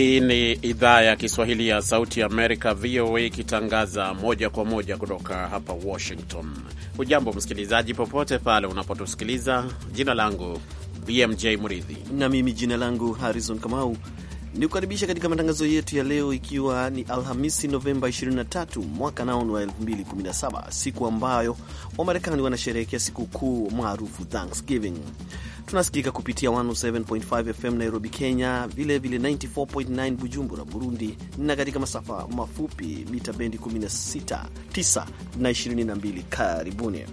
Hii ni idhaa ya Kiswahili ya Sauti ya Amerika, VOA, ikitangaza moja kwa moja kutoka hapa Washington. Hujambo msikilizaji, popote pale unapotusikiliza. Jina langu BMJ Mridhi na mimi jina langu Harrison Kamau ni kukaribisha katika matangazo yetu ya leo, ikiwa ni Alhamisi Novemba 23 mwaka ni wa 2017, siku ambayo Wamarekani wanasherehekea sikukuu maarufu Thanksgiving. Tunasikika kupitia 107.5 FM Nairobi, Kenya, vilevile 94.9 Bujumbura, Burundi, na katika masafa mafupi mita bendi 16, 9 na 22. Karibuni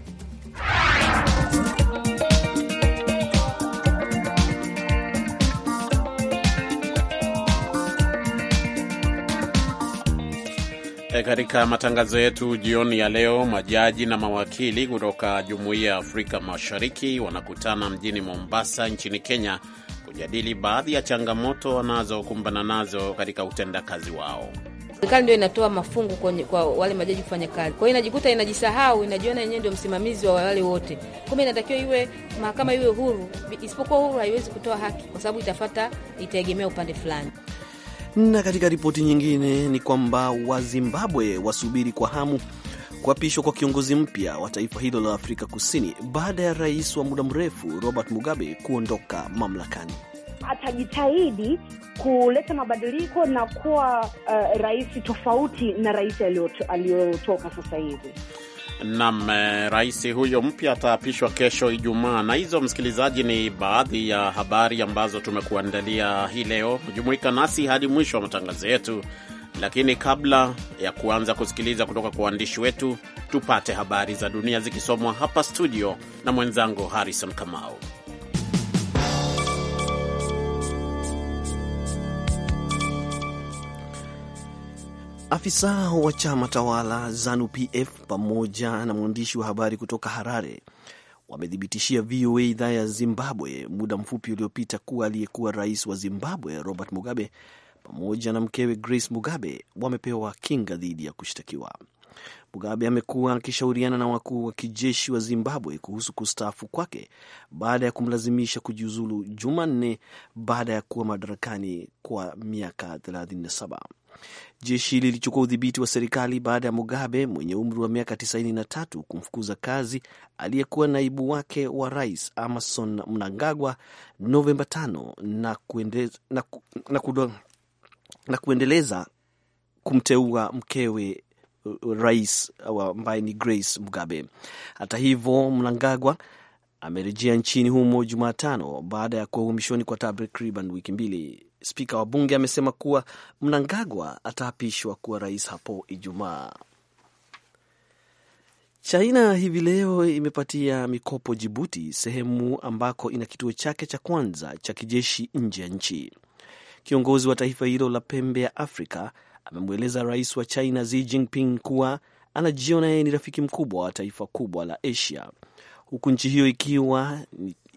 E, katika matangazo yetu jioni ya leo, majaji na mawakili kutoka Jumuiya ya Afrika Mashariki wanakutana mjini Mombasa nchini Kenya kujadili baadhi ya changamoto wanazokumbana nazo katika utendakazi wao. Serikali ndio inatoa mafungu kwenye, kwa wale majaji kufanya kazi. Kwa hiyo inajikuta inajisahau, inajiona yenyewe ndio msimamizi wa wale wote. Kumbe inatakiwa iwe mahakama iwe huru, isipokuwa huru haiwezi kutoa haki, kwa sababu itafata itaegemea upande fulani. Na katika ripoti nyingine ni kwamba Wazimbabwe wasubiri kwa hamu kuapishwa kwa kiongozi mpya wa taifa hilo la Afrika Kusini baada ya rais wa muda mrefu Robert Mugabe kuondoka mamlakani. Atajitahidi kuleta mabadiliko na kuwa uh, rais tofauti na rais aliyotoka sasa hivi. Nam, eh, rais huyo mpya ataapishwa kesho Ijumaa. Na hizo, msikilizaji, ni baadhi ya habari ambazo tumekuandalia hii leo. Jumuika nasi hadi mwisho wa matangazo yetu, lakini kabla ya kuanza kusikiliza kutoka kwa waandishi wetu, tupate habari za dunia zikisomwa hapa studio na mwenzangu Harrison Kamau. Afisa wa chama tawala ZANU-PF pamoja na mwandishi wa habari kutoka Harare wamethibitishia VOA idhaa ya Zimbabwe muda mfupi uliopita kuwa aliyekuwa rais wa Zimbabwe Robert Mugabe pamoja na mkewe Grace Mugabe wamepewa kinga dhidi ya kushtakiwa. Mugabe amekuwa akishauriana na wakuu wa kijeshi wa Zimbabwe kuhusu kustaafu kwake baada ya kumlazimisha kujiuzulu Jumanne baada ya kuwa madarakani kwa miaka 37. Jeshi lilichukua udhibiti wa serikali baada ya Mugabe mwenye umri wa miaka 93 kumfukuza kazi aliyekuwa naibu wake wa rais Emmerson Mnangagwa Novemba 5 na, na, na, na, na kuendeleza kumteua mkewe uh, rais uh, ambaye ni Grace Mugabe. Hata hivyo, Mnangagwa amerejea nchini humo Jumatano baada ya kuwa uhamishoni kwa takriban wiki mbili. Spika wa bunge amesema kuwa Mnangagwa ataapishwa kuwa rais hapo Ijumaa. China hivi leo imepatia mikopo Jibuti, sehemu ambako ina kituo chake cha kwanza cha kijeshi nje ya nchi. Kiongozi wa taifa hilo la pembe ya Afrika amemweleza rais wa China Xi Jinping kuwa anajiona yeye ni rafiki mkubwa wa taifa kubwa la Asia, huku nchi hiyo ikiwa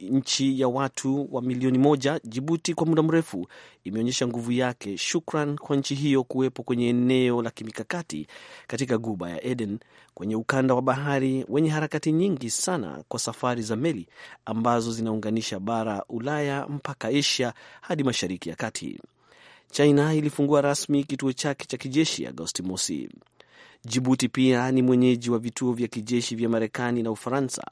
nchi ya watu wa milioni moja, Jibuti kwa muda mrefu imeonyesha nguvu yake, shukran kwa nchi hiyo kuwepo kwenye eneo la kimikakati katika Guba ya Eden, kwenye ukanda wa bahari wenye harakati nyingi sana kwa safari za meli ambazo zinaunganisha bara Ulaya mpaka Asia hadi Mashariki ya Kati. China ilifungua rasmi kituo chake cha kijeshi Agosti mosi. Jibuti pia ni mwenyeji wa vituo vya kijeshi vya Marekani na Ufaransa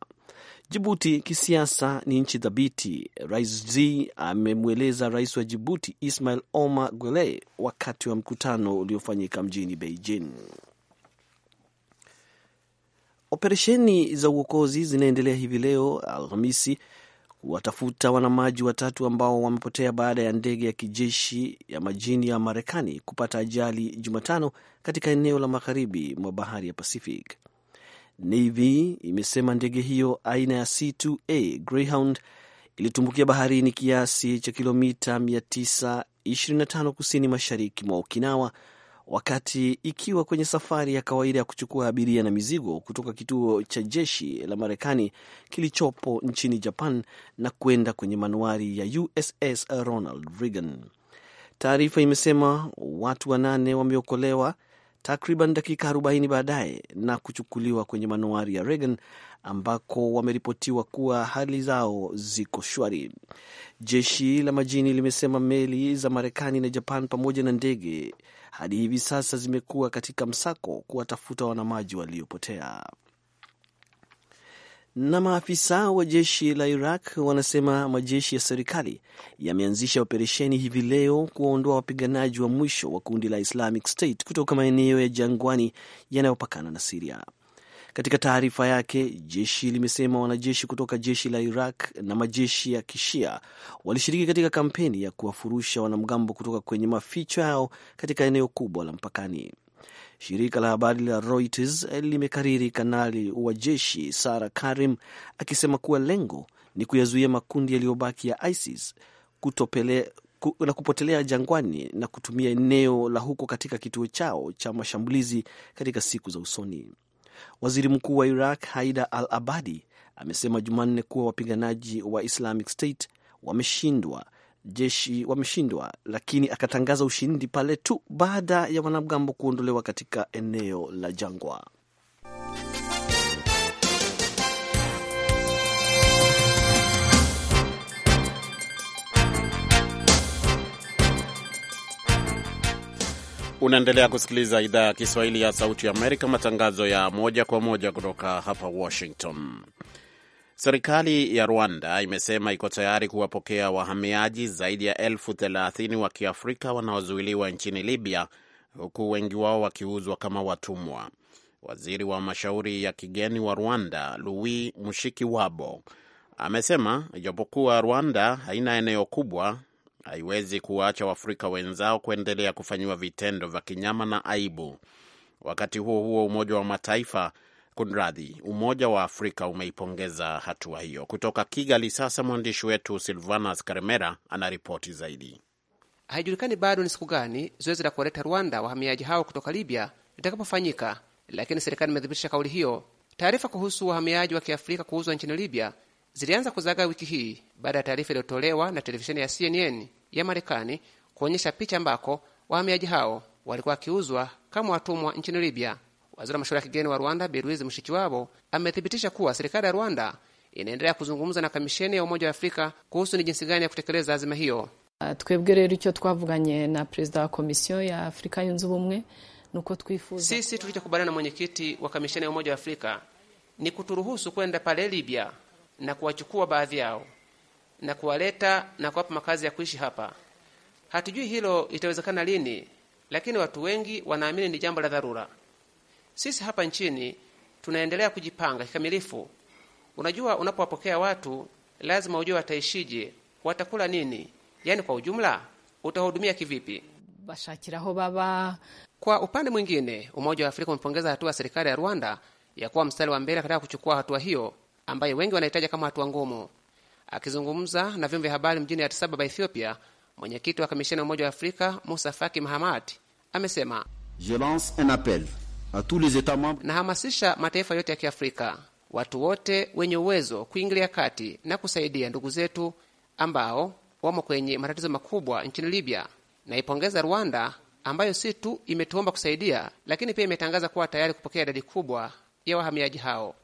Jibuti kisiasa ni nchi thabiti, Rais Z amemweleza rais wa Jibuti Ismail Omar Guelleh wakati wa mkutano uliofanyika mjini Beijing. Operesheni za uokozi zinaendelea hivi leo Alhamisi kuwatafuta wanamaji watatu ambao wamepotea baada ya ndege ya kijeshi ya majini ya Marekani kupata ajali Jumatano katika eneo la magharibi mwa bahari ya Pacific. Navy imesema ndege hiyo aina ya C2A Greyhound ilitumbukia baharini kiasi cha kilomita 925 kusini mashariki mwa Okinawa wakati ikiwa kwenye safari ya kawaida ya kuchukua abiria na mizigo kutoka kituo cha jeshi la Marekani kilichopo nchini Japan na kwenda kwenye manuari ya USS Ronald Reagan. Taarifa imesema watu wanane wameokolewa takriban dakika 40 baadaye na kuchukuliwa kwenye manuari ya Reagan ambako wameripotiwa kuwa hali zao ziko shwari. Jeshi la majini limesema meli za Marekani na Japan pamoja na ndege hadi hivi sasa zimekuwa katika msako kuwatafuta wanamaji waliopotea. Na maafisa wa jeshi la Iraq wanasema majeshi ya serikali yameanzisha operesheni hivi leo kuwaondoa wapiganaji wa mwisho wa kundi la Islamic State kutoka maeneo ya jangwani yanayopakana na Siria. Katika taarifa yake, jeshi limesema wanajeshi kutoka jeshi la Iraq na majeshi ya Kishia walishiriki katika kampeni ya kuwafurusha wanamgambo kutoka kwenye maficho yao katika eneo kubwa la mpakani. Shirika la habari la Reuters limekariri kanali wa jeshi Sara Karim akisema kuwa lengo ni kuyazuia makundi yaliyobaki ya ISIS kutopele, ku, na kupotelea jangwani na kutumia eneo la huko katika kituo chao cha mashambulizi katika siku za usoni. Waziri Mkuu wa Iraq Haida al Abadi amesema Jumanne kuwa wapiganaji wa Islamic State wameshindwa jeshi wameshindwa, lakini akatangaza ushindi pale tu baada ya wanamgambo kuondolewa katika eneo la jangwa. Unaendelea kusikiliza idhaa ya Kiswahili ya Sauti ya Amerika, matangazo ya moja kwa moja kutoka hapa Washington. Serikali ya Rwanda imesema iko tayari kuwapokea wahamiaji zaidi ya elfu thelathini wa Kiafrika wanaozuiliwa nchini Libya, huku wengi wao wakiuzwa kama watumwa. Waziri wa mashauri ya kigeni wa Rwanda Louis Mushikiwabo amesema ijapokuwa Rwanda haina eneo kubwa, haiwezi kuwaacha Waafrika wenzao kuendelea kufanyiwa vitendo vya kinyama na aibu. Wakati huo huo, Umoja wa Mataifa Kunradhi, Umoja wa Afrika umeipongeza hatua hiyo. Kutoka Kigali sasa mwandishi wetu Silvanas Karemera anaripoti zaidi. Haijulikani bado ni siku gani zoezi la kuwaleta Rwanda wahamiaji hao kutoka Libya litakapofanyika, lakini serikali imethibitisha kauli hiyo. Taarifa kuhusu wahamiaji wa kiafrika kuuzwa nchini Libya zilianza kuzagaa wiki hii baada ya taarifa iliyotolewa na televisheni ya CNN ya Marekani kuonyesha picha ambako wahamiaji hao walikuwa wakiuzwa kama watumwa nchini Libya. Waziri wa mashauri ya kigeni wa Rwanda Louise Mushikiwabo amethibitisha kuwa serikali ya Rwanda inaendelea kuzungumza na kamisheni ya Umoja wa Afrika kuhusu ni jinsi gani ya kutekeleza azima hiyo. Uh, twebwe rero icyo twavuganye na perezida wa komisiyo ya Afrika yunze ubumwe nuko twifuza sisi tulichokubaliana na mwenyekiti wa kamisheni ya Umoja wa Afrika ni kuturuhusu kwenda pale Libya na kuwachukua baadhi yao na kuwaleta na kuwapa makazi ya kuishi hapa. Hatujui hilo itawezekana lini, lakini watu wengi wanaamini ni jambo la dharura. Sisi hapa nchini tunaendelea kujipanga kikamilifu. Unajua, unapowapokea watu lazima ujue wataishije, watakula nini, yaani kwa ujumla utawahudumia kivipi. bashakiraho baba. Kwa upande mwingine, Umoja wa Afrika umepongeza hatua ya serikali ya Rwanda ya kuwa mstari wa mbele katika kuchukua hatua hiyo ambayo wengi wanahitaja kama hatua ngumu. Akizungumza na vyombo vya habari mjini Addis Ababa, Ethiopia, mwenyekiti wa kamisheni ya Umoja wa Afrika Musa Faki Mahamat amesema Je lance un appel Nahamasisha mataifa yote ya Kiafrika, watu wote wenye uwezo kuingilia kati na kusaidia ndugu zetu ambao wamo kwenye matatizo makubwa nchini Libya. Naipongeza Rwanda ambayo si tu imetuomba kusaidia, lakini pia imetangaza kuwa tayari kupokea idadi kubwa ya wahamiaji hao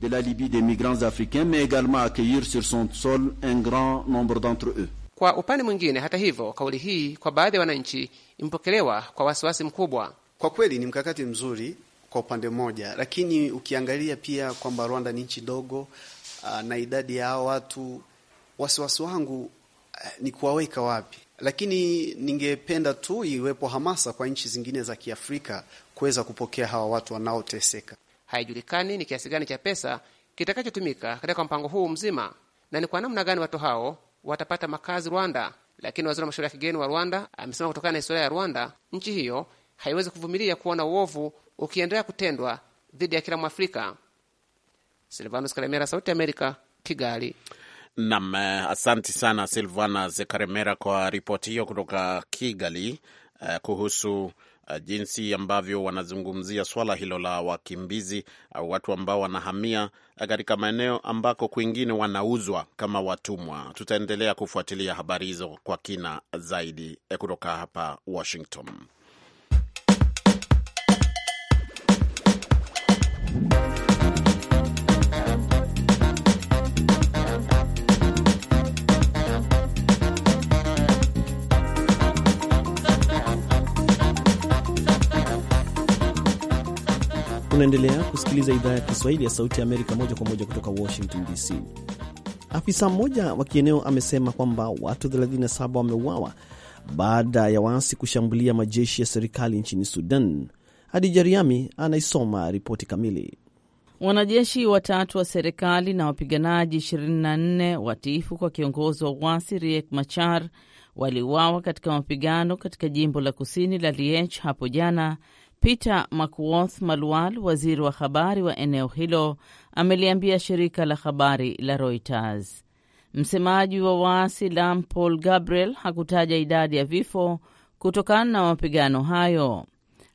de la Libye des migrants africains mais également accueillir sur son sol un grand nombre d'entre eux. Kwa upande mwingine, hata hivyo, kauli hii kwa baadhi ya wananchi imepokelewa kwa wasiwasi mkubwa. Kwa kweli ni mkakati mzuri kwa upande mmoja, lakini ukiangalia pia kwamba Rwanda ni nchi dogo ah, na idadi ya hao watu, wasiwasi wangu eh, ni kuwaweka wapi. Lakini ningependa tu iwepo hamasa kwa nchi zingine za Kiafrika kuweza kupokea hawa watu wanaoteseka. Haijulikani ni kiasi gani cha pesa kitakachotumika katika mpango huu mzima na ni kwa namna gani watu hao watapata makazi Rwanda, lakini waziri wa mashauri ya kigeni wa Rwanda amesema kutokana na historia ya Rwanda, nchi hiyo haiwezi kuvumilia kuona uovu ukiendelea kutendwa dhidi ya kila Mwafrika. Silvanus Karemera, Sauti ya Amerika, Kigali. Nam, eh, asanti sana Silvana Zekaremera kwa ripoti hiyo kutoka Kigali eh, kuhusu eh, jinsi ambavyo wanazungumzia swala hilo la wakimbizi au watu ambao wanahamia eh, katika maeneo ambako kwingine wanauzwa kama watumwa. Tutaendelea kufuatilia habari hizo kwa kina zaidi eh, kutoka hapa Washington. Unaendelea kusikiliza idhaa ya Kiswahili ya Sauti ya Amerika moja kwa moja kutoka Washington DC. Afisa mmoja wa kieneo amesema kwamba watu 37 wameuawa baada ya waasi kushambulia majeshi ya serikali nchini Sudan. Hadija Riami anaisoma ripoti kamili. Wanajeshi watatu wa serikali na wapiganaji 24 watiifu kwa kiongozi wa uasi Riek Machar waliuawa katika mapigano katika jimbo la kusini la Liech hapo jana Peter mcworth Malual, waziri wa habari wa eneo hilo, ameliambia shirika la habari la Reuters. Msemaji wa waasi Lam Paul Gabriel hakutaja idadi ya vifo kutokana na mapigano hayo.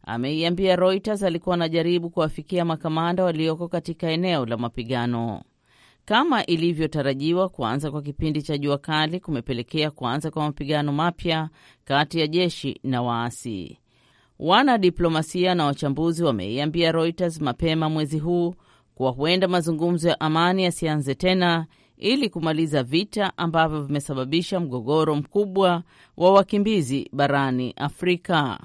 Ameiambia Reuters alikuwa anajaribu kuwafikia makamanda walioko katika eneo la mapigano. Kama ilivyotarajiwa, kuanza kwa kipindi cha jua kali kumepelekea kuanza kwa mapigano mapya kati ya jeshi na waasi. Wanadiplomasia na wachambuzi wameiambia Reuters mapema mwezi huu kuwa huenda mazungumzo ya amani yasianze tena ili kumaliza vita ambavyo vimesababisha mgogoro mkubwa wa wakimbizi barani Afrika.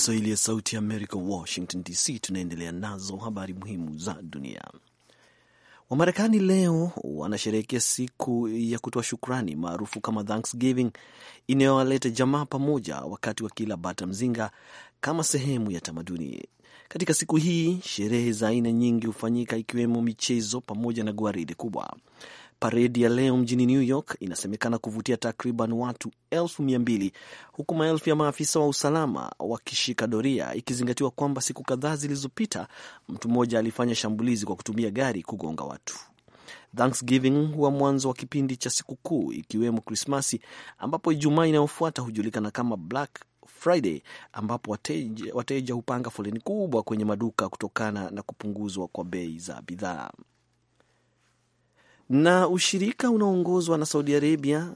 Kiswahili ya Sauti ya Amerika, Washington DC. Tunaendelea nazo habari muhimu za dunia. Wamarekani leo wanasherehekea siku ya kutoa shukrani maarufu kama Thanksgiving, inayowaleta jamaa pamoja wakati wa kila bata mzinga kama sehemu ya tamaduni. Katika siku hii sherehe za aina nyingi hufanyika ikiwemo michezo pamoja na gwaride kubwa. Paredi ya leo mjini New York inasemekana kuvutia takriban watu elfu mia mbili huku maelfu ya maafisa wa usalama wakishika doria, ikizingatiwa kwamba siku kadhaa zilizopita mtu mmoja alifanya shambulizi kwa kutumia gari kugonga watu. Thanksgiving huwa mwanzo wa kipindi cha sikukuu ikiwemo Krismasi, ambapo Ijumaa inayofuata hujulikana kama Black Friday, ambapo wateja, wateja hupanga foleni kubwa kwenye maduka kutokana na kupunguzwa kwa bei za bidhaa. Na ushirika unaoongozwa na Saudi Arabia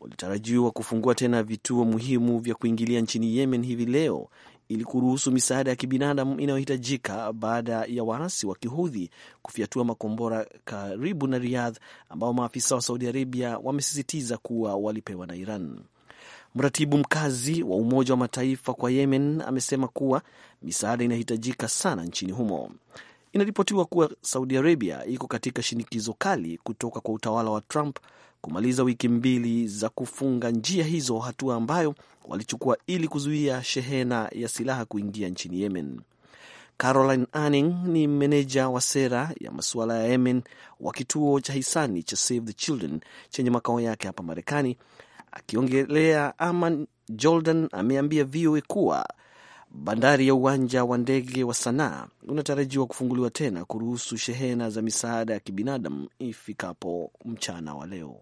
ulitarajiwa kufungua tena vituo muhimu vya kuingilia nchini Yemen hivi leo ili kuruhusu misaada ya kibinadamu inayohitajika baada ya waasi wa kihudhi kufyatua makombora karibu na Riyadh, ambao maafisa wa Saudi Arabia wamesisitiza kuwa walipewa na Iran. Mratibu mkazi wa Umoja wa Mataifa kwa Yemen amesema kuwa misaada inahitajika sana nchini humo. Inaripotiwa kuwa Saudi Arabia iko katika shinikizo kali kutoka kwa utawala wa Trump kumaliza wiki mbili za kufunga njia hizo, hatua ambayo walichukua ili kuzuia shehena ya silaha kuingia nchini Yemen. Caroline Anning ni meneja wa sera ya masuala ya Yemen wa kituo cha hisani cha Save the Children chenye makao yake hapa Marekani. Akiongelea Aman Jordan ameambia VOA kuwa Bandari ya uwanja wa ndege wa Sanaa unatarajiwa kufunguliwa tena kuruhusu shehena za misaada ya kibinadamu ifikapo mchana wa leo.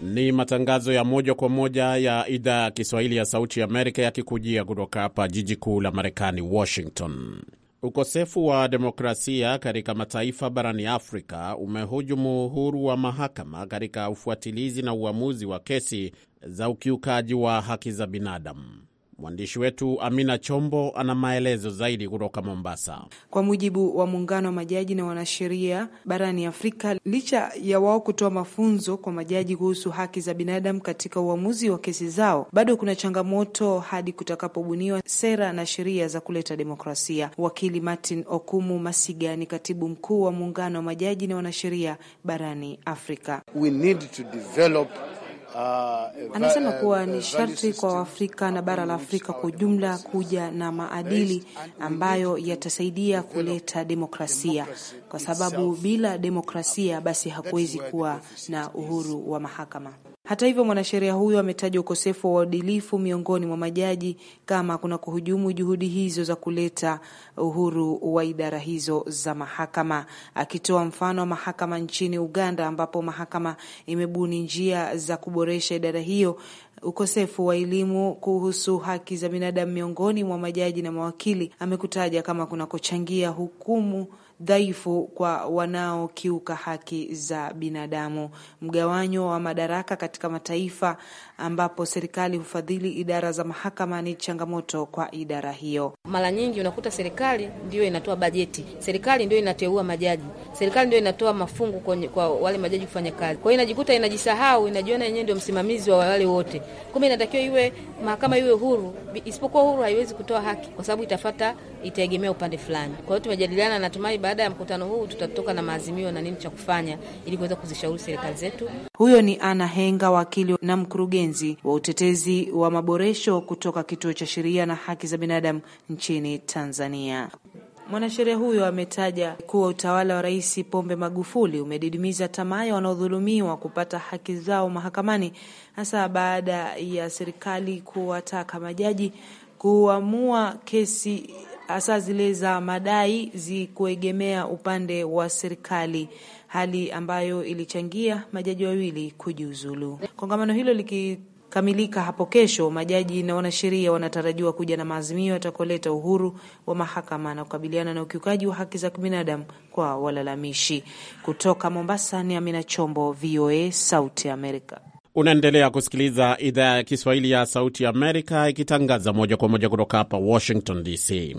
Ni matangazo ya moja kwa moja ya idhaa ya Kiswahili ya Sauti ya Amerika yakikujia kutoka hapa jiji kuu la Marekani, Washington. Ukosefu wa demokrasia katika mataifa barani Afrika umehujumu uhuru wa mahakama katika ufuatilizi na uamuzi wa kesi za ukiukaji wa haki za binadamu. Mwandishi wetu Amina Chombo ana maelezo zaidi kutoka Mombasa. Kwa mujibu wa muungano wa majaji na wanasheria barani Afrika, licha ya wao kutoa mafunzo kwa majaji kuhusu haki za binadamu katika uamuzi wa kesi zao, bado kuna changamoto hadi kutakapobuniwa sera na sheria za kuleta demokrasia. Wakili Martin Okumu Masiga ni katibu mkuu wa muungano wa majaji na wanasheria barani Afrika. We need to develop Uh, Anasema uh, kuwa uh, ni sharti kwa Waafrika na bara la Afrika kwa ujumla kuja na maadili ambayo yatasaidia kuleta demokrasia, kwa sababu bila demokrasia basi hakuwezi kuwa na uhuru wa mahakama. Hata hivyo, mwanasheria huyo ametaja ukosefu wa uadilifu miongoni mwa majaji kama kuna kuhujumu juhudi hizo za kuleta uhuru wa idara hizo za mahakama, akitoa mfano wa mahakama nchini Uganda ambapo mahakama imebuni njia za kuboresha idara hiyo. Ukosefu wa elimu kuhusu haki za binadamu miongoni mwa majaji na mawakili amekutaja kama kunakochangia hukumu dhaifu kwa wanaokiuka haki za binadamu. Mgawanyo wa madaraka katika mataifa ambapo serikali hufadhili idara za mahakama ni changamoto kwa idara hiyo. Mara nyingi unakuta serikali ndiyo inatoa bajeti, serikali ndiyo inateua majaji, serikali ndiyo inatoa mafungu kwenye, kwa wale majaji kufanya kazi. Kwa hiyo inajikuta inajisahau, inajiona yenyewe ndio msimamizi wa wale wote, kumbe inatakiwa iwe mahakama iwe huru. Isipokuwa huru haiwezi kutoa haki, kwa sababu itafata, itaegemea upande fulani. Kwa hiyo tumejadiliana, natumai baada ya mkutano huu tutatoka na maazimio na nini cha kufanya ili kuweza kuzishauri serikali zetu. Huyo ni Ana Henga, wakili na mkurugenzi mkurugenzi wa utetezi wa maboresho kutoka Kituo cha Sheria na Haki za Binadamu nchini Tanzania. Mwanasheria huyo ametaja kuwa utawala wa Rais Pombe Magufuli umedidimiza tamaa ya wanaodhulumiwa kupata haki zao mahakamani, hasa baada ya serikali kuwataka majaji kuamua kesi hasa zile za madai zikuegemea upande wa serikali hali ambayo ilichangia majaji wawili kujiuzulu. Kongamano hilo liki kamilika hapo kesho, majaji na wanasheria wanatarajiwa kuja na maazimio yatakoleta uhuru wa mahakama na kukabiliana na ukiukaji wa haki za kibinadamu kwa walalamishi. Kutoka Mombasa ni Amina Chombo, VOA Sauti Amerika. Unaendelea kusikiliza idhaa ya Kiswahili ya Sauti Amerika ikitangaza moja kwa moja kutoka hapa Washington DC.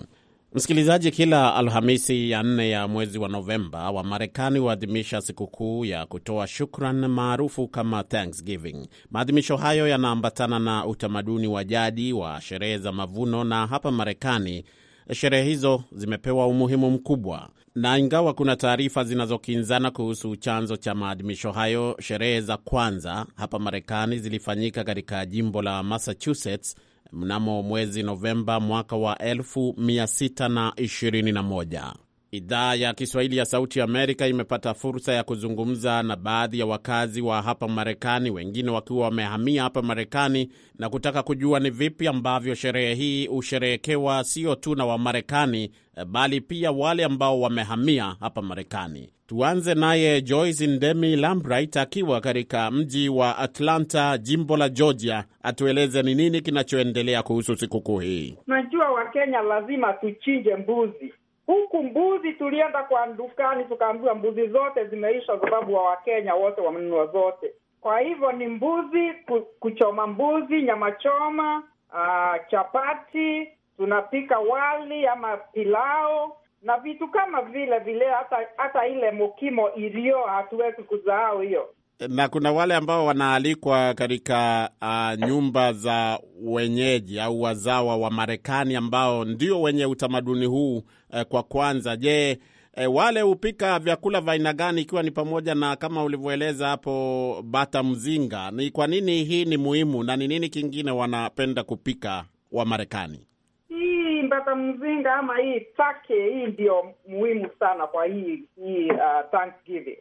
Msikilizaji, kila Alhamisi ya nne ya mwezi wa Novemba Wamarekani huadhimisha sikukuu ya kutoa shukran maarufu kama Thanksgiving. Maadhimisho hayo yanaambatana na utamaduni wa jadi wa sherehe za mavuno, na hapa Marekani sherehe hizo zimepewa umuhimu mkubwa, na ingawa kuna taarifa zinazokinzana kuhusu chanzo cha maadhimisho hayo, sherehe za kwanza hapa Marekani zilifanyika katika jimbo la Massachusetts mnamo mwezi Novemba mwaka wa 1621. Idhaa ya Kiswahili ya Sauti Amerika imepata fursa ya kuzungumza na baadhi ya wakazi wa hapa Marekani, wengine wakiwa wamehamia hapa Marekani na kutaka kujua ni vipi ambavyo sherehe hii husherehekewa sio tu na Wamarekani eh, bali pia wale ambao wamehamia hapa Marekani. Tuanze naye Joyce Ndemi Lambright akiwa katika mji wa Atlanta, jimbo la Georgia, atueleze ni nini kinachoendelea kuhusu sikukuu hii. Najua Wakenya lazima tuchinje mbuzi Huku mbuzi tulienda kwa dukani tukaambiwa mbuzi zote zimeisha, sababu wa Wakenya wote wamenunua zote. Kwa hivyo ni mbuzi, kuchoma mbuzi, nyama choma, ah, chapati, tunapika wali ama pilao na vitu kama vile vile, hata hata ile mokimo iliyo, hatuwezi kusahau hiyo. Na kuna wale ambao wanaalikwa katika uh, nyumba za wenyeji au wazawa wa Marekani ambao ndio wenye utamaduni huu Eh, kwa kwanza. Je, eh, wale hupika vyakula vya aina gani, ikiwa ni pamoja na kama ulivyoeleza hapo bata mzinga? Ni kwa nini hii ni muhimu na ni nini kingine wanapenda kupika wa Marekani? Hii bata mzinga ama hii take hii ndio muhimu sana kwa hii hii uh, Thanksgiving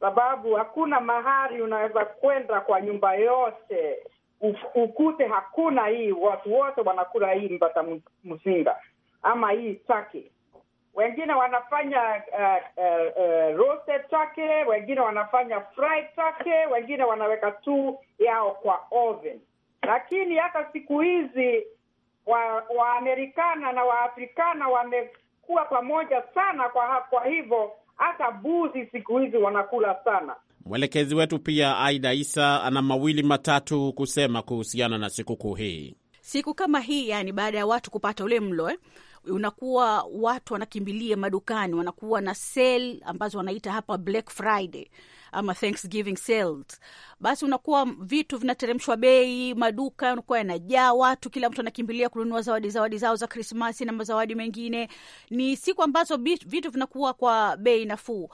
sababu hakuna mahali unaweza kwenda kwa nyumba yote ukute hakuna hii, watu wote wanakula hii mbata mzinga ama hii saki wengine wanafanya uh, uh, uh, roasted turkey, wengine wanafanya fried turkey, wengine wanaweka tu yao kwa oven. Lakini hata siku hizi Waamerikana wa na Waafrikana wamekuwa pamoja sana, kwa, kwa hivyo hata buzi siku hizi wanakula sana. Mwelekezi wetu pia Aida Isa ana mawili matatu kusema kuhusiana na sikukuu hii. Siku kama hii, yani baada ya watu kupata ule mlo eh, unakuwa watu wanakimbilia madukani, wanakuwa na sale ambazo wanaita hapa Black Friday ama Thanksgiving sales. Basi unakuwa vitu vinateremshwa bei, maduka unakuwa yanajaa watu, kila mtu anakimbilia kununua zawadi zawadi zao za Krismasi na mazawadi mengine. Ni siku ambazo vitu vinakuwa kwa bei nafuu.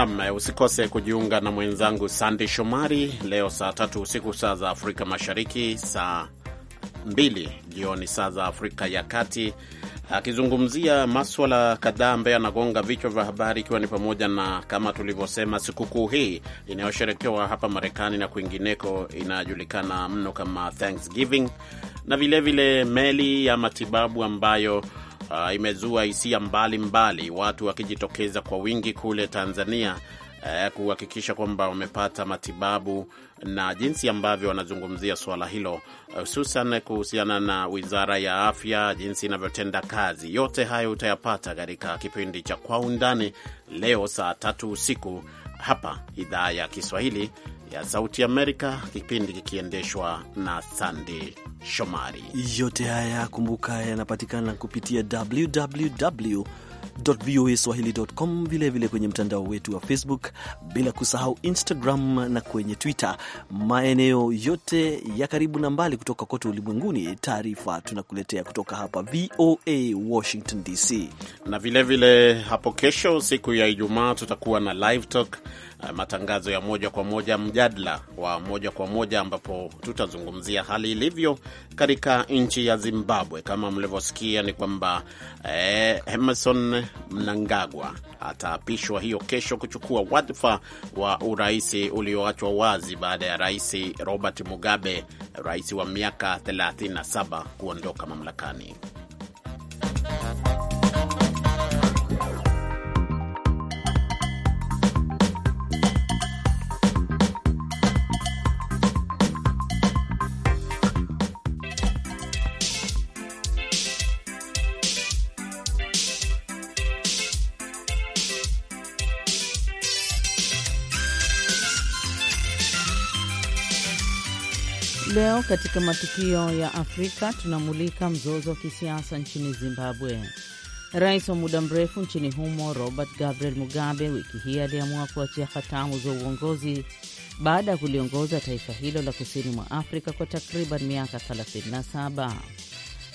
Nam, eh, usikose kujiunga na mwenzangu Sandey Shomari leo saa tatu usiku saa za Afrika Mashariki, saa mbili jioni saa za Afrika ya Kati, akizungumzia maswala kadhaa ambayo yanagonga vichwa vya habari, ikiwa ni pamoja na kama tulivyosema, sikukuu hii inayosherekewa hapa Marekani na kwingineko inajulikana mno kama Thanksgiving, na vilevile vile meli ya matibabu ambayo uh, imezua hisia mbalimbali, watu wakijitokeza kwa wingi kule Tanzania uh, kuhakikisha kwamba wamepata matibabu na jinsi ambavyo wanazungumzia suala hilo hususan kuhusiana na wizara ya afya, jinsi inavyotenda kazi. Yote hayo utayapata katika kipindi cha Kwa Undani leo saa tatu usiku hapa idhaa ya Kiswahili ya Sauti Amerika, kipindi kikiendeshwa na Sande Shomari. Yote haya kumbuka, yanapatikana kupitia www voa swahili.com, vilevile kwenye mtandao wetu wa Facebook, bila kusahau Instagram na kwenye Twitter, maeneo yote ya karibu na mbali kutoka kote ulimwenguni. Taarifa tunakuletea kutoka hapa VOA Washington DC, na vilevile vile hapo kesho, siku ya Ijumaa, tutakuwa na live talk Eh, matangazo ya moja kwa moja, mjadala wa moja kwa moja, ambapo tutazungumzia hali ilivyo katika nchi ya Zimbabwe. Kama mlivyosikia ni kwamba eh, Emerson Mnangagwa ataapishwa hiyo kesho kuchukua wadhifa wa urais ulioachwa wazi baada ya Rais Robert Mugabe, rais wa miaka 37, kuondoka mamlakani. Katika matukio ya Afrika tunamulika mzozo wa kisiasa nchini Zimbabwe. Rais wa muda mrefu nchini humo Robert Gabriel Mugabe wiki hii aliamua kuachia hatamu za uongozi baada ya kuliongoza taifa hilo la kusini mwa Afrika kwa takriban miaka 37.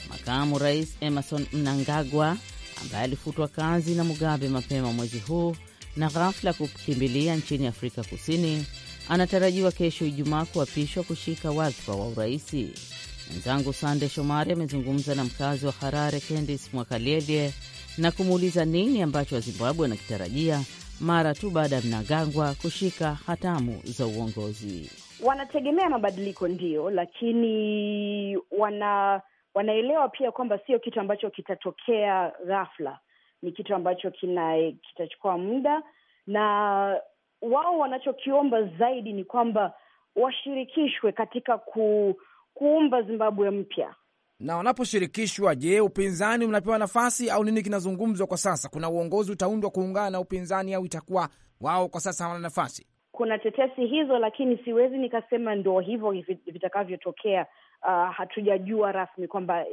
Makamu rais Emerson Mnangagwa, ambaye alifutwa kazi na Mugabe mapema mwezi huu na ghafla kukimbilia nchini Afrika Kusini, anatarajiwa kesho Ijumaa kuapishwa kushika wadhifa wa uraisi. Mwenzangu Sande Shomari amezungumza na mkazi wa Harare Kendis mwakalelie na kumuuliza nini ambacho Wazimbabwe wanakitarajia mara tu baada ya Mnangagwa kushika hatamu za uongozi. Wanategemea mabadiliko ndio lakini wana wanaelewa pia kwamba sio kitu ambacho kitatokea ghafla, ni kitu ambacho kina kitachukua muda na wao wanachokiomba zaidi ni kwamba washirikishwe katika ku, kuumba Zimbabwe mpya. Na wanaposhirikishwa, je, upinzani unapewa nafasi au nini kinazungumzwa kwa sasa? Kuna uongozi utaundwa kuungana na upinzani au itakuwa wao kwa sasa hawana nafasi? Kuna tetesi hizo, lakini siwezi nikasema ndo hivyo vitakavyotokea. Uh, hatujajua rasmi kwamba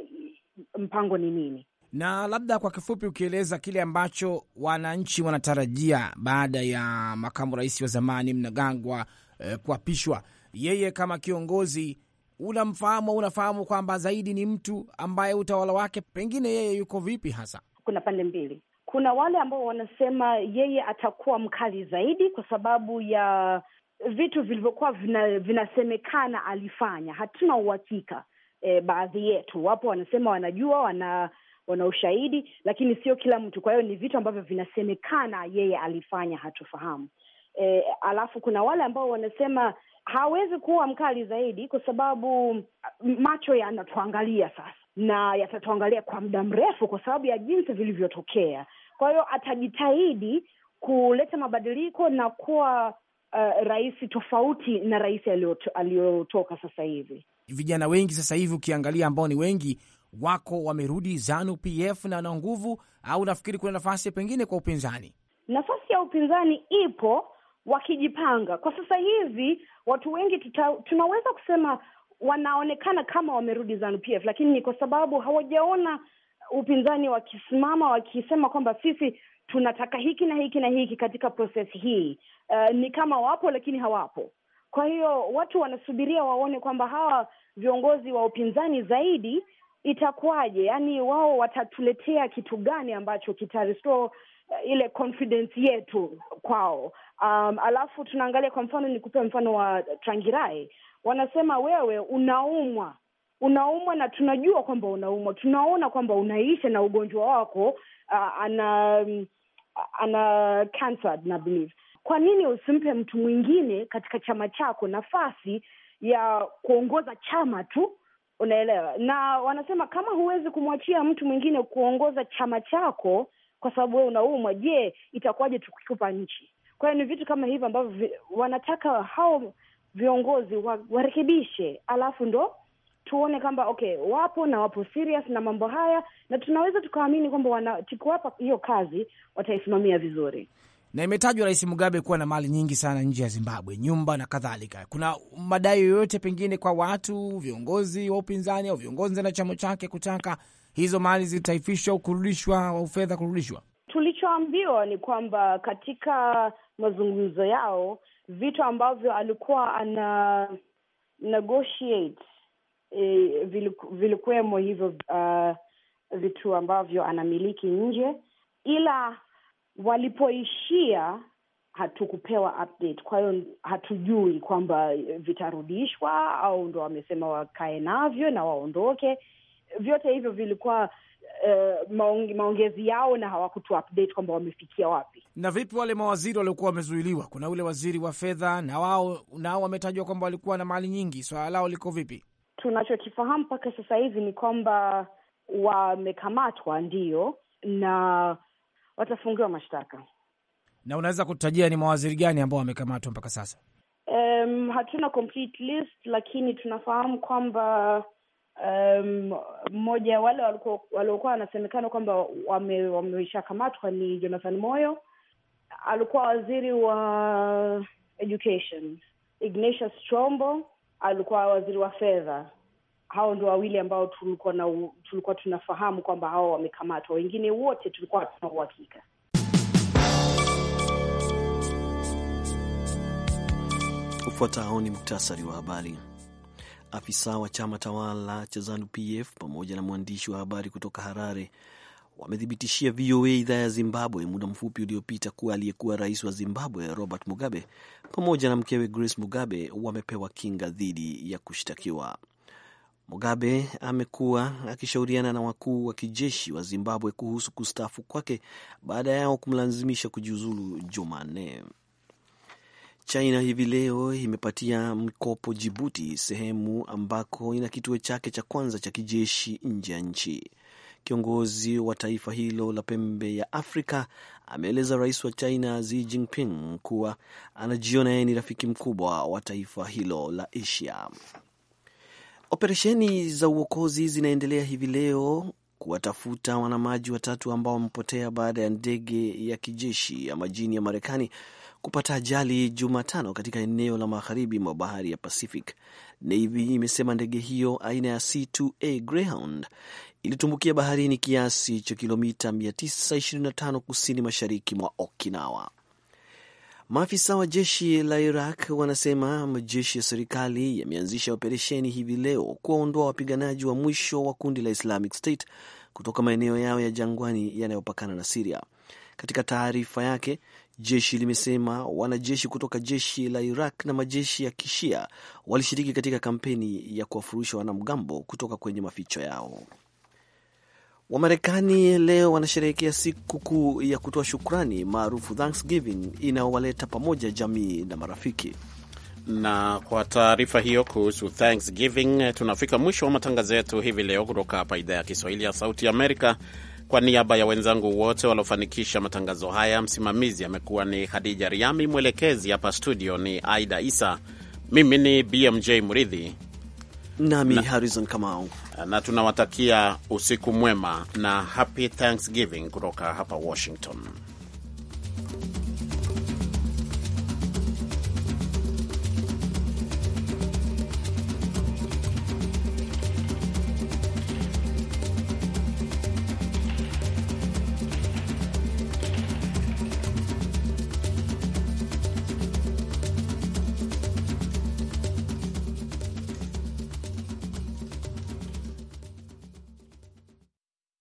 mpango ni nini. Na labda kwa kifupi ukieleza kile ambacho wananchi wanatarajia baada ya makamu rais wa zamani Mnagangwa eh, kuapishwa, yeye kama kiongozi unamfahamu au unafahamu kwamba zaidi ni mtu ambaye utawala wake pengine yeye yuko vipi hasa? Kuna pande mbili. Kuna wale ambao wanasema yeye atakuwa mkali zaidi kwa sababu ya vitu vilivyokuwa vina, vinasemekana alifanya. Hatuna uhakika e, baadhi yetu wapo wanasema wanajua, wana wana ushahidi, lakini sio kila mtu. Kwa hiyo ni vitu ambavyo vinasemekana yeye alifanya, hatufahamu. E, alafu kuna wale ambao wanasema hawezi kuwa mkali zaidi kwa sababu macho yanatuangalia sasa, na yatatuangalia kwa muda mrefu kwa sababu ya jinsi vilivyotokea. Kwa hiyo atajitahidi kuleta mabadiliko na kuwa uh, rais tofauti na rais aliyotoka sasa hivi. Vijana wengi sasa hivi ukiangalia, ambao ni wengi wako wamerudi Zanu PF na wana nguvu, au nafikiri kuna nafasi pengine kwa upinzani? Nafasi ya upinzani ipo wakijipanga. Kwa sasa hivi watu wengi tuta, tunaweza kusema wanaonekana kama wamerudi Zanu PF, lakini ni kwa sababu hawajaona upinzani wakisimama wakisema kwamba sisi tunataka hiki na hiki na hiki katika proses hii. Uh, ni kama wapo lakini hawapo. Kwa hiyo watu wanasubiria waone kwamba hawa viongozi wa upinzani zaidi itakuwaje? yani wao watatuletea kitu gani ambacho kitarestore eh, ile confidence yetu kwao? Um, alafu tunaangalia kwa mfano, ni kupea mfano wa Trangirai, wanasema wewe unaumwa unaumwa na tunajua kwamba unaumwa, tunaona kwamba unaisha na ugonjwa wako. Uh, ana ana cancer na believe. Kwa nini usimpe mtu mwingine katika chama chako nafasi ya kuongoza chama tu unaelewa. Na wanasema kama huwezi kumwachia mtu mwingine kuongoza chama chako kwa sababu wewe unaumwa, je, itakuwaje tukikupa nchi? Kwa hiyo ni vitu kama hivyo ambavyo wanataka hao viongozi wa, warekebishe, alafu ndo tuone kwamba okay, wapo na wapo serious na mambo haya, na tunaweza tukaamini kwamba tukiwapa hiyo kazi wataisimamia vizuri na imetajwa Rais Mugabe kuwa na mali nyingi sana nje ya Zimbabwe, nyumba na kadhalika. Kuna madai yoyote pengine kwa watu viongozi wa upinzani au viongozi na chama chake kutaka hizo mali zitaifishwa au kurudishwa au fedha kurudishwa? Tulichoambiwa ni kwamba katika mazungumzo yao vitu ambavyo alikuwa ana negotiate e, vilikuwemo hivyo uh, vitu ambavyo anamiliki nje, ila walipoishia hatukupewa update. Kwa hiyo hatujui kwamba vitarudishwa au ndo wamesema wakae navyo na waondoke. Vyote hivyo vilikuwa uh, maongezi yao na hawakutu update kwamba wamefikia wapi. Na vipi wale mawaziri waliokuwa wamezuiliwa? Kuna ule waziri wa fedha na wao nao wametajwa kwamba walikuwa na mali nyingi, swala lao liko vipi? Tunachokifahamu mpaka sasa hivi ni kwamba wamekamatwa, ndiyo na watafungiwa mashtaka. Na unaweza kutajia ni mawaziri gani ambao wamekamatwa mpaka sasa? Um, hatuna complete list, lakini tunafahamu kwamba mmoja um, wale waliokuwa wanasemekana kwamba wameshakamatwa wame ni Jonathan Moyo, alikuwa waziri wa education. Ignatius Chombo alikuwa waziri wa fedha hao ndio wawili ambao tulikuwa na tulikuwa tunafahamu kwamba hao wamekamatwa, wengine wote tulikuwa hatuna uhakika. Ufuatao ni muktasari wa habari. Afisa wa chama tawala cha ZANU-PF pamoja na mwandishi wa habari kutoka Harare wamethibitishia VOA idhaa ya Zimbabwe muda mfupi uliopita kuwa aliyekuwa rais wa Zimbabwe Robert Mugabe pamoja na mkewe Grace Mugabe wamepewa kinga dhidi ya kushtakiwa. Mugabe amekuwa akishauriana na wakuu wa kijeshi wa Zimbabwe kuhusu kustaafu kwake baada yao kumlazimisha kujiuzulu Jumanne. China hivi leo imepatia mkopo Jibuti, sehemu ambako ina kituo chake cha kwanza cha kijeshi nje ya nchi. Kiongozi wa taifa hilo la pembe ya Afrika ameeleza rais wa China Xi Jinping kuwa anajiona yeye ni rafiki mkubwa wa taifa hilo la Asia. Operesheni za uokozi zinaendelea hivi leo kuwatafuta wanamaji watatu ambao wamepotea baada ya ndege ya kijeshi ya majini ya Marekani kupata ajali Jumatano katika eneo la magharibi mwa bahari ya Pacific. Navy imesema ndege hiyo aina ya C2A Greyhound ilitumbukia baharini kiasi cha kilomita 925 kusini mashariki mwa Okinawa. Maafisa wa jeshi la Iraq wanasema majeshi ya serikali yameanzisha operesheni hivi leo kuwaondoa wapiganaji wa mwisho wa kundi la Islamic State kutoka maeneo yao ya jangwani yanayopakana na Siria. Katika taarifa yake, jeshi limesema wanajeshi kutoka jeshi la Iraq na majeshi ya kishia walishiriki katika kampeni ya kuwafurusha wanamgambo kutoka kwenye maficho yao. Wamarekani leo wanasherehekea siku kuu ya kutoa shukrani maarufu Thanksgiving inayowaleta pamoja jamii na marafiki. Na kwa taarifa hiyo kuhusu Thanksgiving, tunafika mwisho wa matangazo yetu hivi leo kutoka hapa idhaa ya Kiswahili ya Sauti Amerika. Kwa niaba ya wenzangu wote waliofanikisha matangazo haya, msimamizi amekuwa ni Khadija Riami, mwelekezi hapa studio ni Aida Isa, mimi ni BMJ Muridhi nami na Harrison Kamau, na tunawatakia usiku mwema na happy Thanksgiving kutoka hapa Washington.